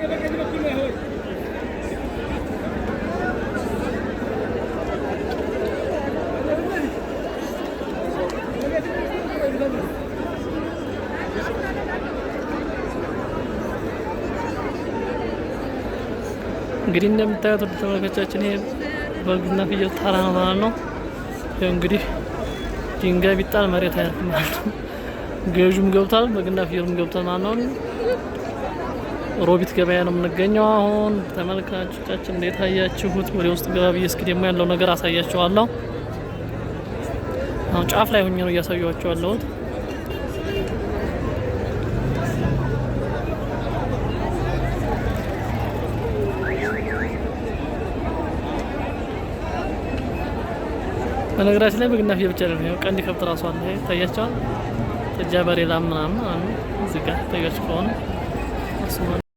እንግዲህ እንደምታዩት ወደ ተመልካቻችን ይሄ በግና ፍየል ተራ ነው ማለት ነው። ያው እንግዲህ ድንጋይ ቢጣል መሬት አያርፍም ማለት ነው። ገዥም ገብቷል፣ በግና ፍየሉም ገብቷል ማለት ነው። ሮቢት ገበያ ነው የምንገኘው። አሁን ተመልካቾቻችን እንዴት አያችሁት? ወደ ውስጥ ገባ ብዬ እስኪ ደግሞ ያለው ነገር አሳያችኋለሁ። አሁን ጫፍ ላይ ሆኜ ነው እያሳያችሁ ያለሁት። በነገራችን ላይ በግና ፍየል ብቻ አይደለም፣ ቀንድ ከብት ራሱ አለ። ይታያቸዋል። ጥጃ፣ በሬ፣ ላም ምናምን እዚህ ጋር ከሆነ